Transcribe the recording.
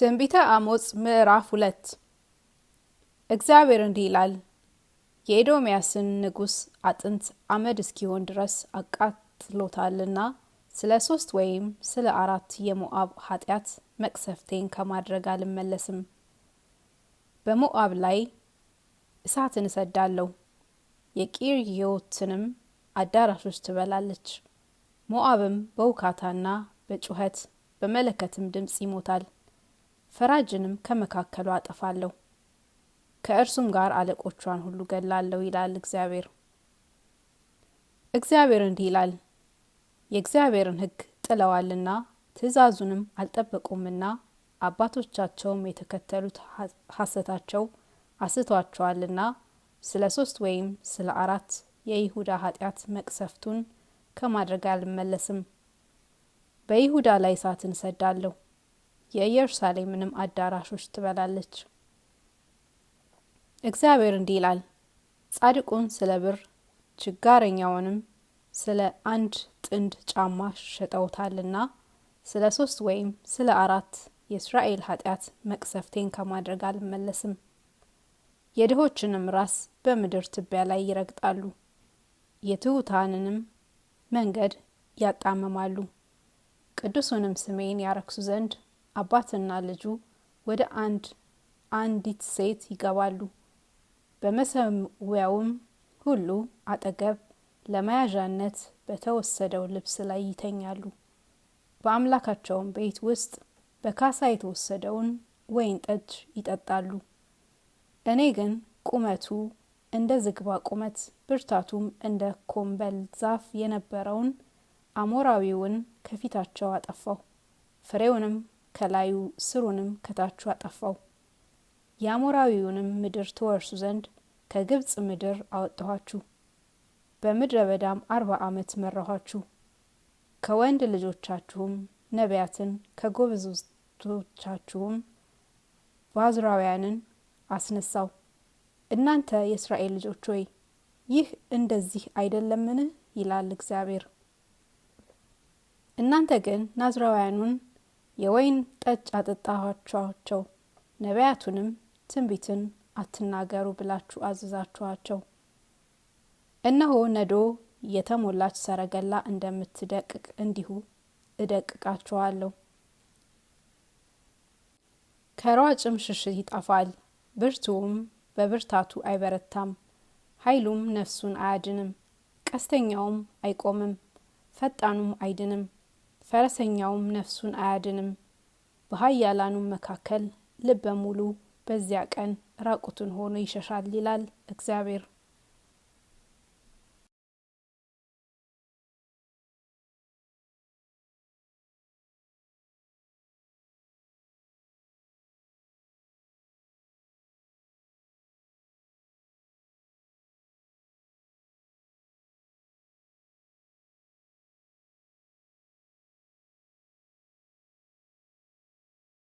ትንቢተ አሞጽ ምዕራፍ ሁለት እግዚአብሔር እንዲህ ይላል፣ የኤዶምያስን ንጉሥ አጥንት አመድ እስኪሆን ድረስ አቃጥሎታልና ስለ ሶስት ወይም ስለ አራት የሞአብ ኃጢአት መቅሰፍቴን ከማድረግ አልመለስም። በሞአብ ላይ እሳትን እሰዳለሁ፣ የቂርዮትንም አዳራሾች ትበላለች። ሞአብም በውካታና በጩኸት በመለከትም ድምፅ ይሞታል። ፈራጅንም ከመካከሉ አጠፋለሁ፣ ከእርሱም ጋር አለቆቿን ሁሉ ገላለሁ ይላል እግዚአብሔር። እግዚአብሔር እንዲህ ይላል፣ የእግዚአብሔርን ሕግ ጥለዋልና ትእዛዙንም አልጠበቁምና አባቶቻቸውም የተከተሉት ሐሰታቸው አስቷቸዋልና ስለ ሶስት ወይም ስለ አራት የይሁዳ ኃጢአት መቅሰፍቱን ከማድረግ አልመለስም። በይሁዳ ላይ እሳትን እሰዳለሁ የኢየሩሳሌምንም አዳራሾች ትበላለች። እግዚአብሔር እንዲህ ይላል፣ ጻድቁን ስለ ብር ችጋረኛውንም ስለ አንድ ጥንድ ጫማ ሸጠውታልና ስለ ሶስት ወይም ስለ አራት የእስራኤል ኃጢአት መቅሰፍቴን ከማድረግ አልመለስም። የድሆችንም ራስ በምድር ትቢያ ላይ ይረግጣሉ፣ የትሑታንንም መንገድ ያጣመማሉ፣ ቅዱሱንም ስሜን ያረክሱ ዘንድ አባትና ልጁ ወደ አንድ አንዲት ሴት ይገባሉ። በመሰዊያውም ሁሉ አጠገብ ለመያዣነት በተወሰደው ልብስ ላይ ይተኛሉ። በአምላካቸውም ቤት ውስጥ በካሳ የተወሰደውን ወይን ጠጅ ይጠጣሉ። እኔ ግን ቁመቱ እንደ ዝግባ ቁመት ብርታቱም እንደ ኮምበል ዛፍ የነበረውን አሞራዊውን ከፊታቸው አጠፋው ፍሬውንም ከላዩ ስሩንም ከታቹ አጠፋው። የአሞራዊውንም ምድር ትወርሱ ዘንድ ከግብጽ ምድር አወጣኋችሁ። በምድረ በዳም አርባ ዓመት መራኋችሁ። ከወንድ ልጆቻችሁም ነቢያትን ከጎበዞቻችሁም ዋዙራውያንን አስነሳው። እናንተ የእስራኤል ልጆች ሆይ ይህ እንደዚህ አይደለምን? ይላል እግዚአብሔር። እናንተ ግን ናዝራውያኑን የወይን ጠጅ አጠጣኋቸዋቸው። ነቢያቱንም ትንቢትን አትናገሩ ብላችሁ አዘዛችኋቸው። እነሆ ነዶ የተሞላች ሰረገላ እንደምትደቅቅ እንዲሁ እደቅቃችኋለሁ። ከሯጭም ሽሽት ይጠፋል፣ ብርቱውም በብርታቱ አይበረታም። ኃይሉም ነፍሱን አያድንም፣ ቀስተኛውም አይቆምም፣ ፈጣኑም አይድንም። ፈረሰኛውም ነፍሱን አያድንም። በሀያላኑም መካከል ልበ ሙሉ በዚያ ቀን ራቁቱን ሆኖ ይሸሻል ይላል እግዚአብሔር።